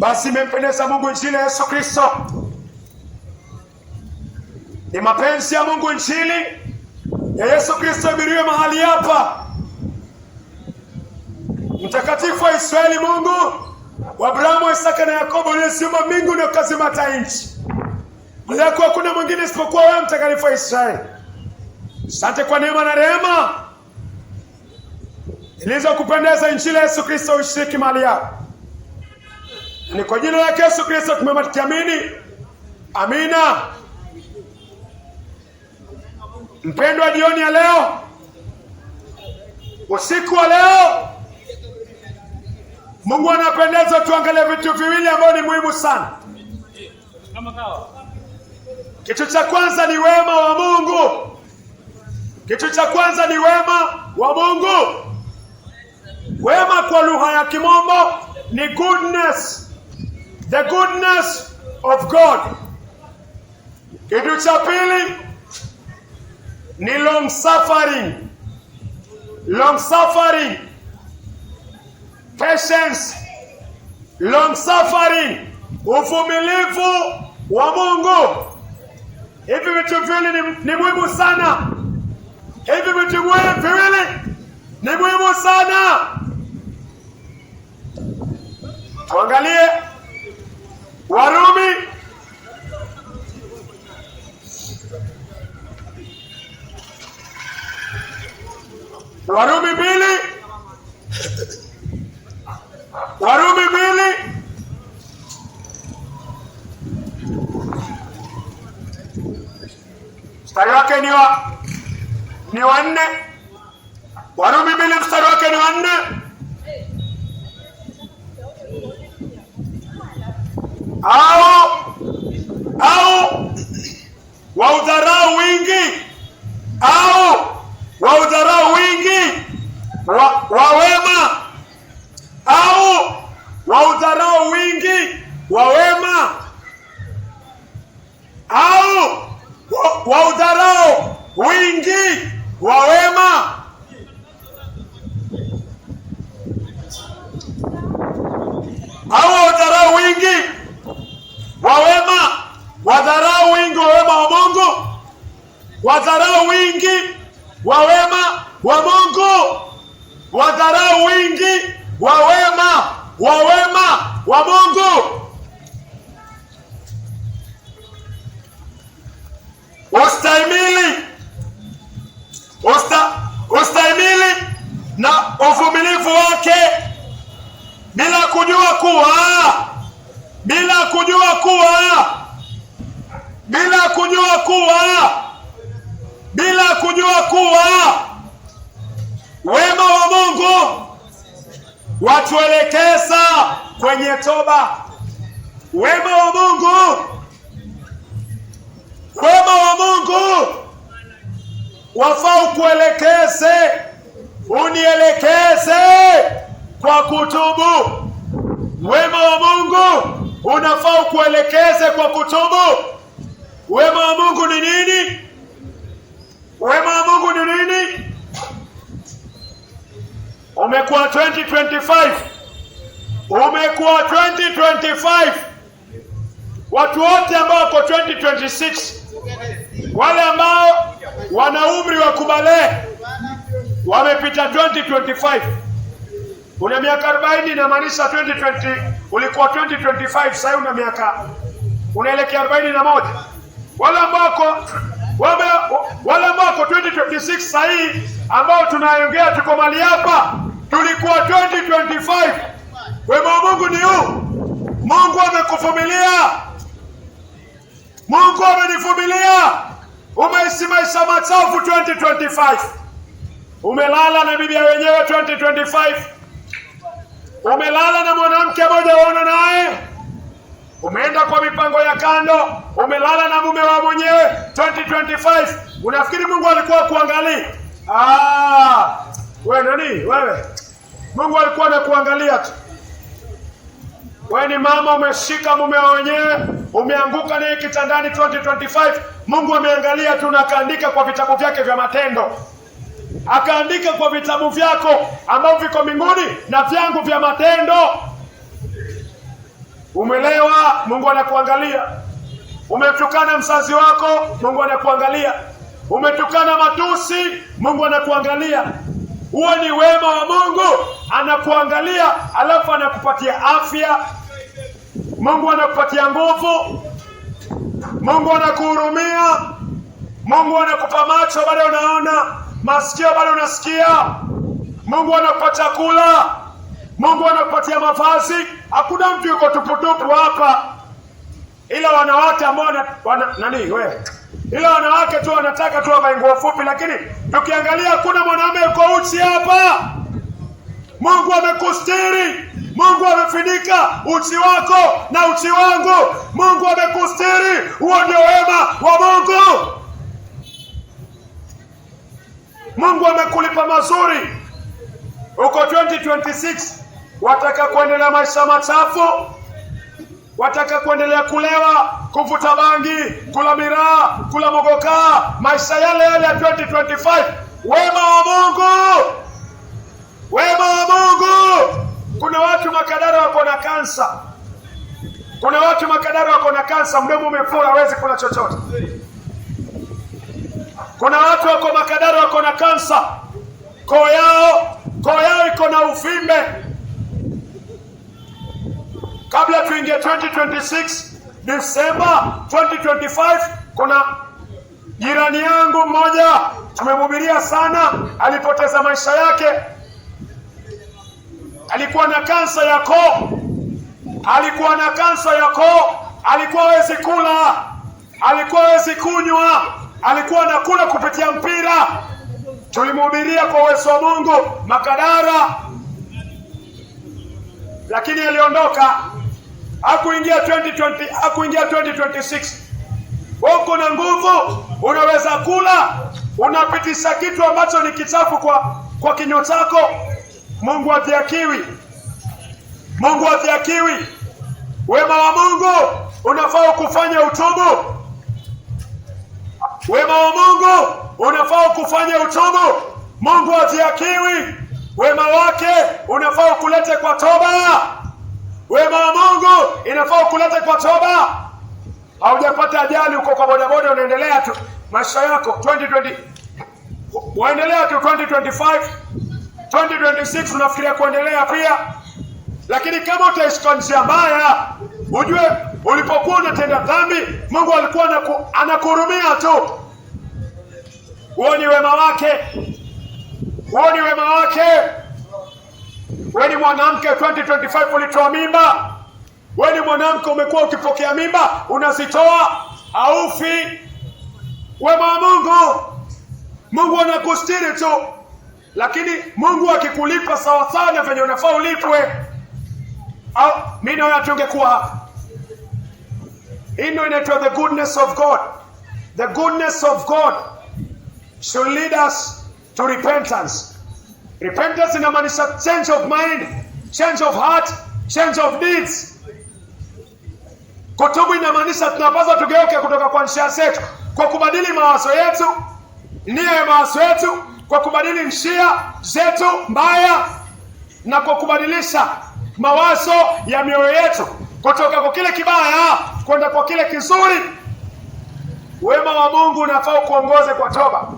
Basi imempendeza Mungu injili ya Yesu Kristo. Ni mapenzi ya Mungu injili ya Yesu Kristo ibiriwe mahali hapa. Mtakatifu wa Israeli, Mungu wa Abrahamu, Isaka na Yakobo, uliyeziumba mbingu na ukazimata nchi, mlako hakuna mwingine isipokuwa wewe, mtakatifu wa Israeli. Asante kwa neema na rehema ilizokupendeza injili ya Yesu Kristo ushiriki mahali hapa. Ni kwa jina la Yesu Kristo tumemtiamini. Amina. Mpendwa, jioni ya leo, usiku wa leo, Mungu anapendeza. Tuangalie vitu viwili ambavyo ni muhimu sana. Kitu cha kwanza ni wema wa Mungu. Kitu cha kwanza ni wema wa Mungu. Wema kwa lugha ya Kimombo ni goodness the goodness of God. Kitu cha pili ni long suffering. Long suffering. Patience. Long suffering. Uvumilivu wa Mungu. Hivi vitu viwili ni, ni muhimu sana. Hivi vitu viwili ni muhimu sana. Tuangalie Warumi Warumi mbili Warumi mbili mstari wake ni wa ni wanne Warumi mbili mstari wake ni wanne au au wa udharau wingi au wa udharau wingi wa, wema au wa udharau wingi wa wema au wa udharau wingi wa wema kujua kuwa bila kujua kuwa wema wa Mungu watuelekeza kwenye toba. Wema wa Mungu, wema wa Mungu wafaa ukuelekeze, unielekeze kwa kutubu. Wema wa Mungu unafaa ukuelekeze kwa kutubu. Wema wa Mungu ni nini? Wema wa Mungu ni nini? Umekuwa 2025. Umekuwa 2025. Watu wote ambao wako 2026 wale ambao wana umri wa kubalehe wamepita 2025. Una miaka 40 na maanisha 2020 ulikuwa 2025, sasa una miaka unaelekea 41 wale ambao wale ambao 2026 sasa hii ambao tunaongea tuko mali hapa, tulikuwa 2025. Wema Mungu ni huu. Mungu amekuvumilia, Mungu amenivumilia, umeisimamisha machafu 2025, umelala na bibi wenyewe 2025, umelala na mwanamke mmoja waona naye umeenda kwa mipango ya kando, umelala na mume wa mwenyewe 2025. Unafikiri Mungu alikuwa kuangalia? Ah, wewe nani wewe? Mungu alikuwa anakuangalia tu. Wewe ni mama, umeshika mume wa mwenyewe umeanguka naye kitandani 2025. Mungu ameangalia tu na akaandika kwa vitabu vyake vya matendo, akaandika kwa vitabu vyako ambavyo viko mbinguni na vyangu vya matendo Umelewa, Mungu anakuangalia. Umetukana mzazi wako, Mungu anakuangalia. Umetukana matusi, Mungu anakuangalia. Huo ni wema wa Mungu, anakuangalia alafu anakupatia afya. Mungu anakupatia nguvu. Mungu anakuhurumia. Mungu anakupa macho, bado unaona, masikio, bado unasikia. Mungu anakupa chakula. Mungu anakupatia mavazi. Hakuna mtu yuko tuputupu hapa, ila wanawake ambao wana, nani we, ila wanawake tu wanataka tu wavae nguo fupi, lakini tukiangalia hakuna mwanaume yuko uchi hapa. Mungu amekustiri. Mungu amefinika uchi wako na uchi wangu. Mungu amekustiri. Huo ndio wema wa Mungu. Mungu amekulipa mazuri. Uko 2026 wataka kuendelea maisha machafu, wataka kuendelea kulewa, kuvuta bangi, kula miraa, kula mogokaa, maisha yale yale ya 2025. Wema wa Mungu, wema wa Mungu. Kuna watu Makadara wako na kansa, kuna watu Makadara wako na kansa, mdomo umefura, hawezi kula chochote. Kuna watu wako Makadara wako na kansa, koo yao koo yao iko na uvimbe kabla tuingie 2026 Desemba 2025. Kuna jirani yangu mmoja tumemhubiria sana, alipoteza maisha yake. Alikuwa na kansa ya koo, alikuwa na kansa ya koo, alikuwa hawezi kula, alikuwa hawezi kunywa, alikuwa anakula kupitia mpira. Tulimhubiria kwa uwezo wa Mungu Makadara, lakini aliondoka hakuingia 2020 hakuingia 2026. Wewe na nguvu, unaweza kula, unapitisha kitu ambacho ni kichafu kwa kwa kinywa chako. Mungu adhiakiwi, Mungu adhiakiwi. Wema wa Mungu unafaa kufanya utubu, wema wa Mungu unafaa kufanya utubu. Mungu adhiakiwi, wema wake unafaa kulete kwa toba. Wewe mama Mungu, inafaa kuleta kwa toba. Haujapata ajali uko kwa bodaboda, unaendelea tu maisha yako 2020 waendelea tu 2025 2026 unafikiria kuendelea pia, lakini kama utaishi kwa njia mbaya, ujue ulipokuwa unatenda dhambi Mungu alikuwa anakuhurumia tu. Huo ni wema wake, huo ni wema wake. Wewe ni mwanamke 2025 ulitoa mimba. Wewe ni mwanamke umekuwa ukipokea mimba, unazitoa Haufi Wewe mwa Mungu, Mungu anakustiri tu, lakini Mungu akikulipa sawa sana venye unafaa ulipwe. Au mimi na wewe tungekuwa hapa. Hii ndio inaitwa the goodness of God. The goodness of God should lead us to repentance. Repentance inamaanisha change of mind, change of heart, change of deeds. Kutubu inamaanisha tunapaswa tugeuke kutoka kwa njia zetu kwa kubadili mawazo yetu, nia ya mawazo yetu, kwa kubadili njia zetu mbaya na kwa kubadilisha mawazo ya mioyo yetu kutoka kwa kile kibaya kwenda kwa kile kizuri. Wema wa Mungu unafaa kuongoze kwa toba.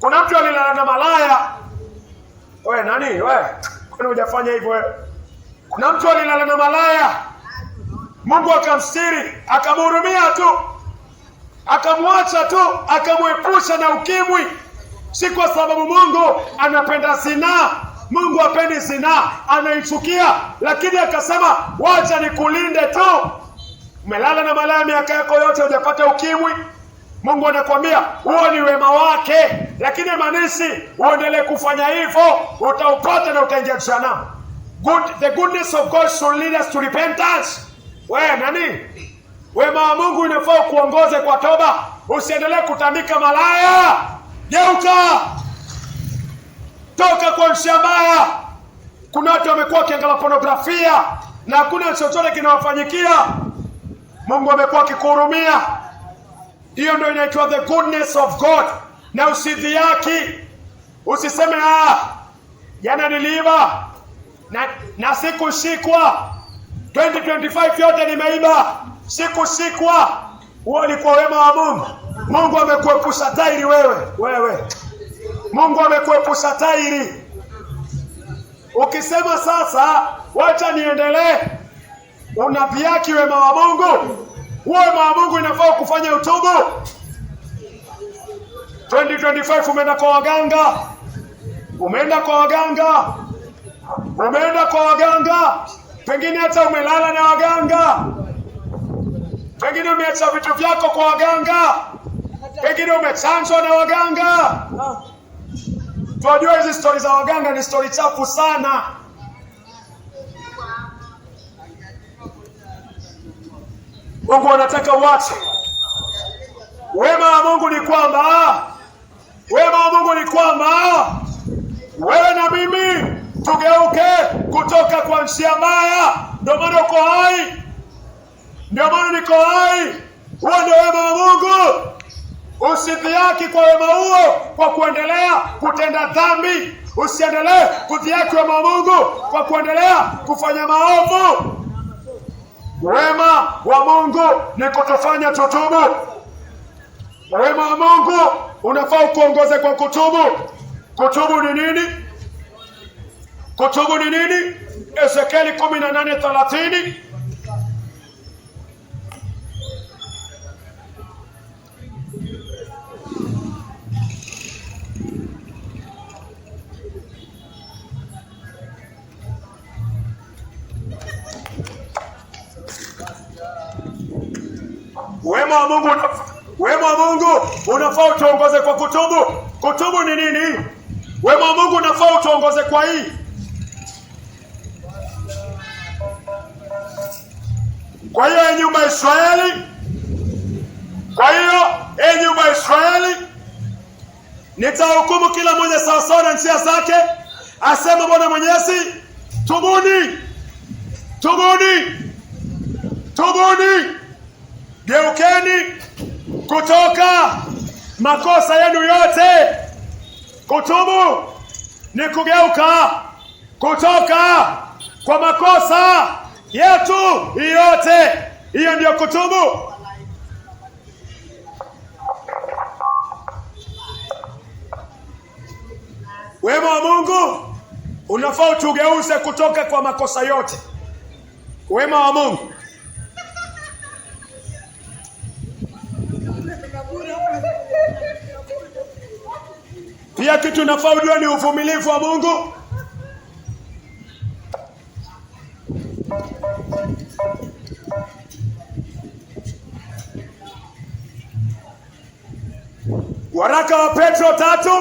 Kuna mtu alilala na malaya wewe nani wewe? Kwani hujafanya hivyo wewe? Kuna mtu alilala na malaya, Mungu akamstiri, akamhurumia tu, akamwacha tu, akamwepusha na ukimwi. Si kwa sababu Mungu anapenda zinaa, Mungu apendi zinaa, anaichukia, lakini akasema wacha nikulinde tu. Umelala na malaya miaka yako yote, hujapata ukimwi Mungu anakwambia huo ni wema wake, lakini manisi uendelee kufanya hivyo, utaokota na utaingia jehanamu. Good, the goodness of God should lead us to repentance. We nani, wema wa Mungu inafaa kuongoze kwa toba, usiendelee kutandika malaya. Geuka, toka kwa njia mbaya. Kuna watu wamekuwa wakiangalia pornografia na hakuna chochote kinawafanyikia. Mungu amekuwa akikuhurumia hiyo ndio inaitwa the goodness of God, na usidhiaki, usiseme ah, jana niliiba na, na sikushikwa 2025 yote nimeiba, sikushikwa. Huo ulikuwa wema wa Mungu. Mungu amekuepusha tairi wewe, wewe. Mungu amekuepusha tairi. Ukisema sasa, wacha niendelee, unaviaki wema wa Mungu. Wewe mama Mungu inafaa kufanya utubu. 2025 umeenda kwa waganga, umeenda kwa waganga, umeenda kwa waganga, pengine hata umelala na waganga, pengine umeacha vitu vyako kwa waganga, pengine umechanjwa na waganga. Tunajua hizi stori za waganga ni stori chafu sana. Mungu anataka uache. Wema wa Mungu ni kwamba, wema wa Mungu ni kwamba wewe na mimi tugeuke kutoka kwa njia mbaya. Ndio maana uko hai, ndio maana niko hai. Huo ndio wema wa Mungu. Usidhiaki kwa wema huo kwa kuendelea kutenda dhambi, usiendelee kudhiaki wema wa Mungu kwa kuendelea kufanya maovu. Wema wa Mungu ni kutufanya tutubu. Wema wa Mungu unafaa ukuongoze kwa kutubu. Kutubu ni nini? Kutubu ni nini? Ezekieli kumi na nane thelathini Wema wa Mungu unafaa, wema wa Mungu unafaa utuongoze kwa kutubu. Kutubu ni nini? Wema wa Mungu unafaa utuongoze kwa hii Kwa hiyo e nyumba ya Israeli, kwa hiyo e nyumba ya Israeli, nitahukumu kila mmoja sawasawa na njia zake, asema Bwana Mwenyezi. Tubuni, tubuni, tubuni. Geukeni kutoka makosa yenu yote. Kutubu ni kugeuka kutoka kwa makosa yetu yote, hiyo ndiyo kutubu. Wema wa Mungu unafaa utugeuze kutoka kwa makosa yote. Wema wa Mungu Pia kitu unafaa ujue ni uvumilivu wa Mungu. Waraka wa Petro tatu.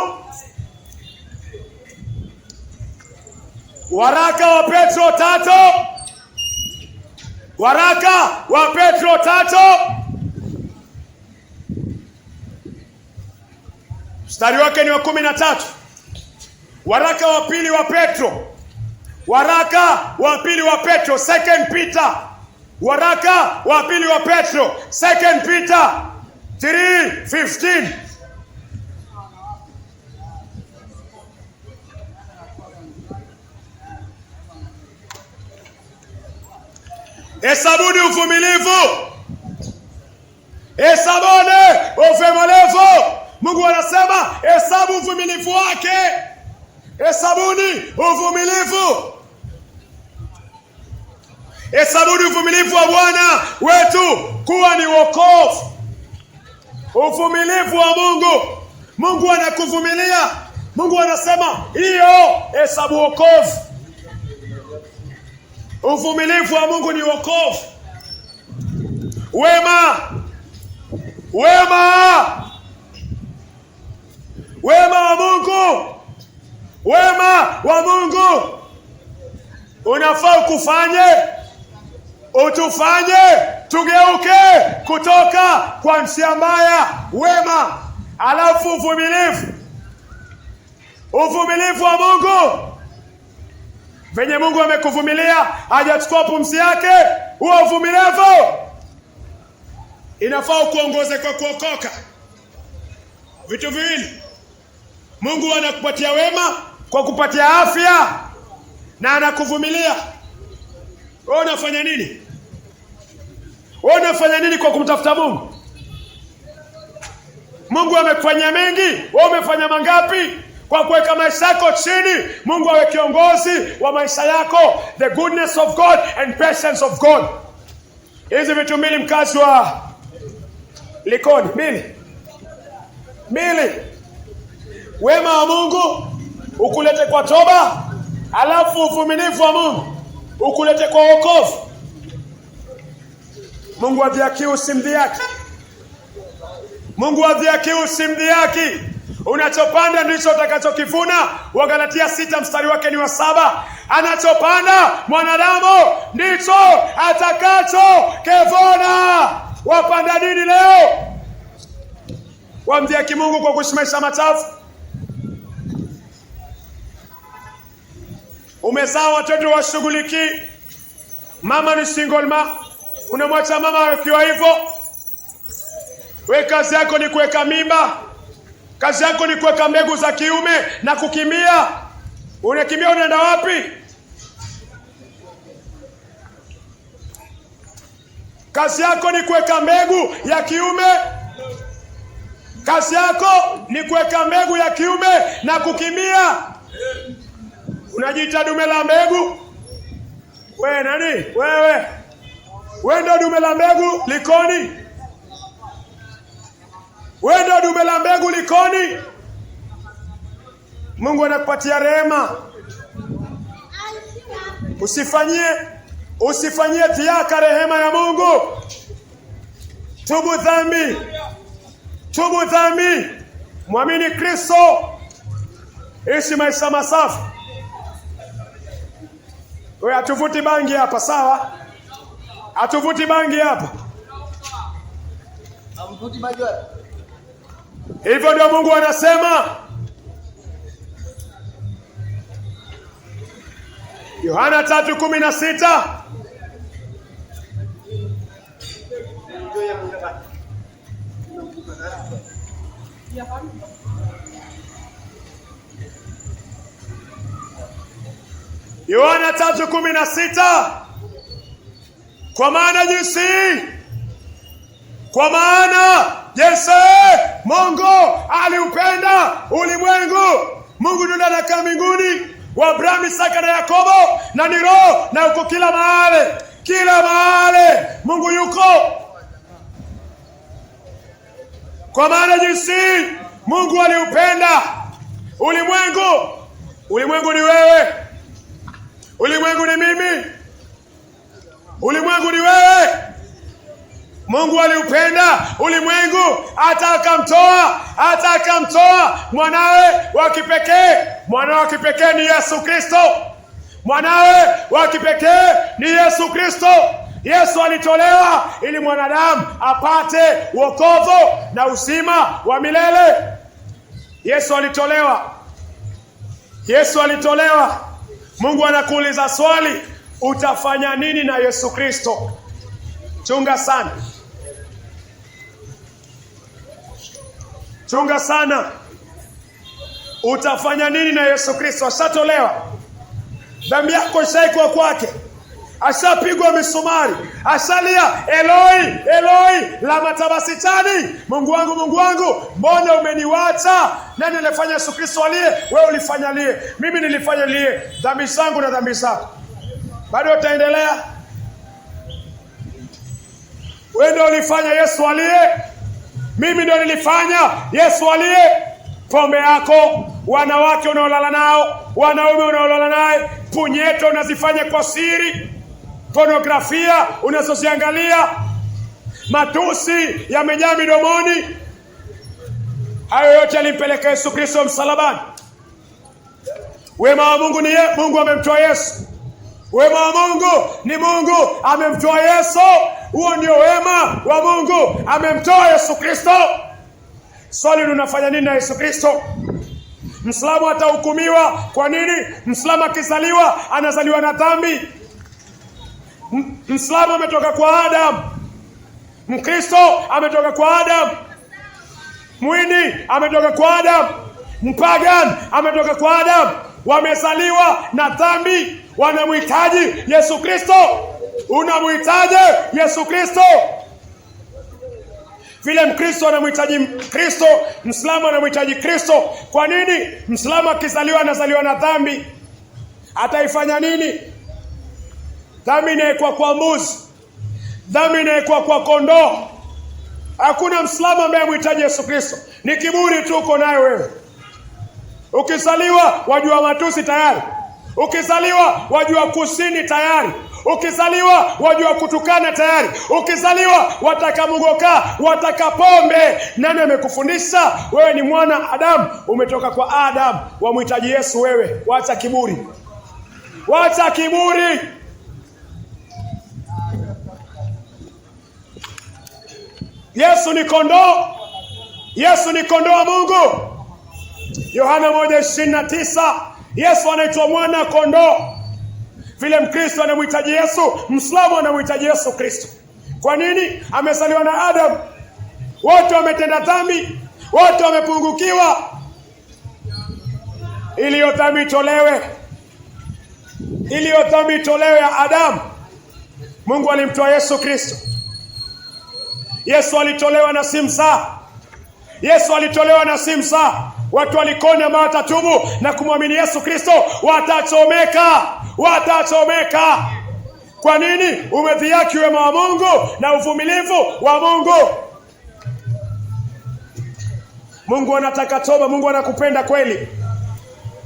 Waraka wa Petro tatu. Waraka wa Petro tatu. mstari wake ni wa kumi na tatu waraka wa pili wa Petro, waraka wa pili wa Petro, second Peter, waraka wa pili wa Petro, second Peter 3:15 Hesabuni uvumilivu, hesabuni uvumilivu Mungu anasema hesabu uvumilivu wake, hesabuni uvumilivu, hesabuni uvumilivu wa Bwana wetu kuwa ni wokovu, uvumilivu wa Mungu. Mungu anakuvumilia. Mungu anasema hiyo hesabu wokovu. Uvumilivu wa Mungu ni wokovu, wema, wema wema wa Mungu, wema wa Mungu unafaa ukufanye utufanye tugeuke kutoka kwa njia mbaya. Wema alafu uvumilivu, uvumilivu wa Mungu venye Mungu amekuvumilia hajachukua pumzi yake, huo uvumilivu inafaa ukuongoze kwa kuokoka. Vitu viwili Mungu anakupatia wema kwa kupatia afya na anakuvumilia. Wewe unafanya nini? Wewe unafanya nini kwa kumtafuta Mungu? Mungu amekufanyia mengi, wewe umefanya mangapi? Kwa kuweka maisha yako chini, Mungu awe kiongozi wa maisha yako, the goodness of God and patience of God. Hizi vitu mbili, mkazi wa Likoni, mbili mbili wema wa Mungu ukulete kwa toba, alafu uvumilivu wa Mungu ukulete kwa wokovu. Mungu adhiakiu simdhiaki, Mungu adhiakiu simdhiaki. Unachopanda ndicho utakachokivuna. Wagalatia sita mstari wake ni wa saba. Anachopanda mwanadamu ndicho atakacho kevona. Wapanda nini leo? Wamdhiaki Mungu kwa kushimaisha machafu umezaa watoto washughulikii, mama ni single ma, unamwacha mama akiwa hivyo. We kazi yako ni kuweka mimba, kazi yako ni kuweka mbegu za kiume na kukimbia. Unakimbia, unaenda wapi? Kazi yako ni kuweka mbegu ya kiume, kazi yako ni kuweka mbegu ya kiume na kukimbia. Unajiita dume la mbegu we nani? Wewe we ndo dume la mbegu Likoni, we ndo dume la mbegu Likoni. Mungu anakupatia rehema, usifanyie usifanyie tiaka rehema ya Mungu. Tubu dhambi, tubu dhambi, mwamini Kristo, ishi maisha masafi. Wewe hatuvuti bangi hapa sawa? Hatuvuti bangi hapa. Hamvuti bangi Hivyo ndio Mungu anasema. Yohana 3:16 Yeah, Yohana tatu kumi na sita kwa maana jinsi kwa maana jinsi Mungu aliupenda ulimwengu. Mungu ndiye anakaa mbinguni wa Abrahamu, Isaka na Yakobo, na ni roho na uko kila mahali, kila mahali Mungu yuko. Kwa maana jinsi Mungu aliupenda ulimwengu. Ulimwengu ni wewe Ulimwengu ni mimi, ulimwengu ni wewe. Mungu aliupenda ulimwengu hata akamtoa hata akamtoa mwanawe wa kipekee. Mwanawe wa kipekee ni Yesu Kristo. Mwanawe wa kipekee ni Yesu Kristo. Yesu alitolewa ili mwanadamu apate wokovu na uzima wa milele. Yesu alitolewa, Yesu alitolewa Mungu anakuuliza swali, utafanya nini na Yesu Kristo? Chunga sana, chunga sana, utafanya nini na Yesu Kristo? Ashatolewa dhambi yako, ishaikuwa kwake ashapigwa misumari, ashalia Eloi Eloi lama tabasitani, Mungu wangu Mungu wangu mbona umeniwacha? Nani alifanya? Yesu Kristo aliye wewe ulifanya lie, mimi nilifanya lie, dhambi zangu na dhambi zako. Bado utaendelea wewe, ndio ulifanya Yesu aliye, mimi ndio nilifanya Yesu aliye. Pombe yako, wanawake unaolala nao, wanaume unaolala naye, punyeto unazifanya kwa siri Pornografia unazoziangalia, matusi yamejaa midomoni. Hayo yote alimpeleka Yesu Kristo msalabani. Wema wa Mungu ni ye, Mungu amemtoa Yesu. Wema wa Mungu ni Mungu amemtoa Yesu. Huo ndio wema wa Mungu, amemtoa Yesu Kristo. Swali, tunafanya nini na Yesu Kristo? Mslamu atahukumiwa kwa nini? Mslamu akizaliwa anazaliwa na dhambi. Mwislamu ametoka kwa Adam, Mkristo ametoka kwa Adam, mwini ametoka kwa Adam, Mpagan ametoka kwa Adam. Wamezaliwa na dhambi, wanamhitaji Yesu Kristo. Unamhitaji Yesu Kristo vile Mkristo anamhitaji Kristo, Mslamu anamhitaji Kristo. Kwa nini? Mslamu akizaliwa anazaliwa na dhambi, ataifanya nini? dhambi inawekwa kwa mbuzi, dhambi inawekwa kwa kondoo. Hakuna mslamu ambaye amhitaji Yesu Kristo, ni kiburi tu uko nayo wewe. Ukizaliwa wajua matusi tayari, ukizaliwa wajua kusini tayari ukizaliwa wajua kutukana tayari, ukizaliwa wataka mugoka, wataka pombe. Nani amekufundisha wewe? Ni mwana Adamu, umetoka kwa Adamu, wamhitaji Yesu wewe. Wacha kiburi, wacha kiburi. Yesu ni kondoo, Yesu ni kondoo wa Mungu. Yohana 1:29 Yesu anaitwa mwana kondoo. Vile Mkristo anamhitaji Yesu, Mslamu anamhitaji Yesu Kristo. Kwa nini? Amezaliwa na Adamu, wote wametenda dhambi, wote wamepungukiwa, iliyo dhambi tolewe, iliyo dhambi tolewe ya Adamu. Mungu alimtoa Yesu Kristo Yesu alitolewa na simsa. Yesu alitolewa na si Watu walikona ambao watatubu na kumwamini Yesu Kristo watachomeka, watachomeka. Kwa nini? Umedhiaki wema wa Mungu na uvumilivu wa Mungu. Mungu anataka toba. Mungu anakupenda kweli.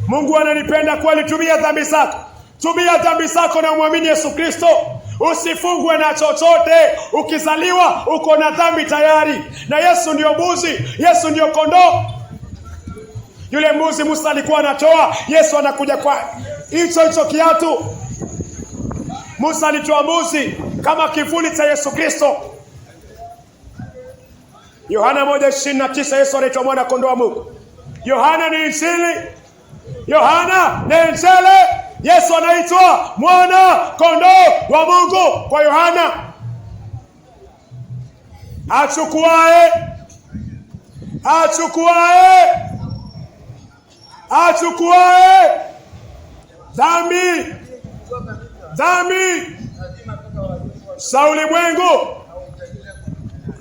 Mungu ananipenda kweli. Tumia dhambi zako, tumia dhambi zako na umwamini Yesu Kristo. Usifungwe na chochote. Ukizaliwa uko na dhambi tayari, na Yesu ndiyo mbuzi, Yesu ndio kondoo. Yule mbuzi Musa alikuwa anatoa, Yesu anakuja kwa hicho hicho kiatu. Musa alitoa mbuzi kama kivuli cha Yesu Kristo. Yohana 1:29 Yesu anaitwa mwana kondoo wa Mungu. Yohana ni Injili, Yohana ni Injili. Yesu anaitwa mwana kondoo wa Mungu kwa Yohana, achukuae achukuae achukuae dhambi dhambi za ulimwengu.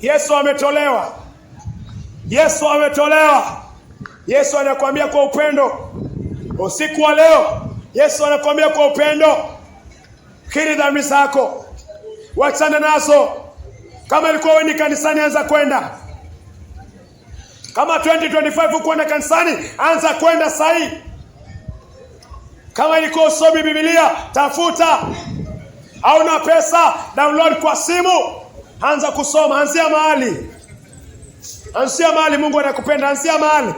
Yesu ametolewa, Yesu ametolewa. Yesu anakuambia kwa upendo usiku wa leo Yesu anakuambia kwa upendo, kiri dhambi zako, wachana nazo. Kama ilikuwa wewe ni kanisani, anza kwenda. Kama 2025 kwenda kanisani, anza kwenda sahi. Kama ilikuwa usomi Biblia, tafuta. Hauna pesa, download kwa simu, anza kusoma. Anzia mahali, anzia mahali. Mungu anakupenda, anzia mahali.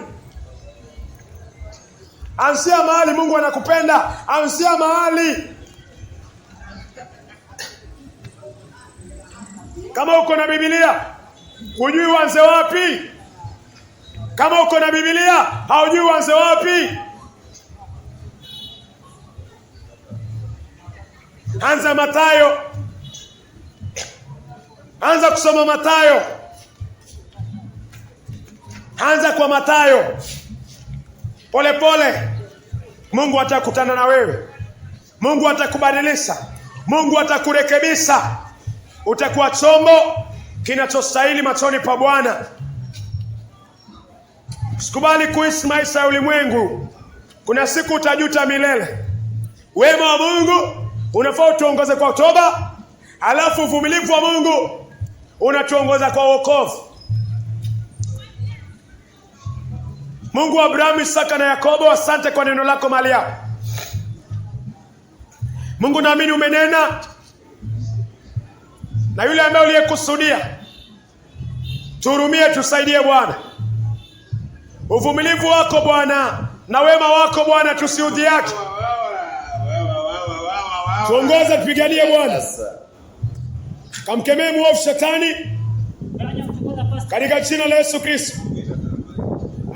Ansia mahali Mungu anakupenda, ansia mahali kama uko na Biblia hujui uanze wapi? Kama uko na Biblia haujui uanze wapi? Anza Mathayo, anza kusoma Mathayo, anza kwa Mathayo. Polepole Mungu atakutana na wewe, Mungu atakubadilisha, Mungu atakurekebisha, utakuwa chombo kinachostahili machoni pa Bwana. Sikubali kuishi maisha ya ulimwengu, kuna siku utajuta milele. Wema wa Mungu unafaa utuongoze kwa toba, alafu uvumilivu wa Mungu unatuongoza kwa wokovu. Mungu wa Abrahamu, Isaka na Yakobo, asante kwa neno lako mahali hapa. Mungu, naamini umenena na yule ambaye uliyekusudia. Tuhurumie, tusaidie Bwana, uvumilivu wako Bwana na wema wako Bwana, tusiudhiake. Tuongoze, tupiganie Bwana, kamkemee mwovu shetani katika jina la Yesu Kristo.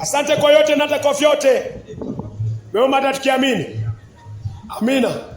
Asante kwa yote na hata kwa vyote mema, hata tukiamini. Amina.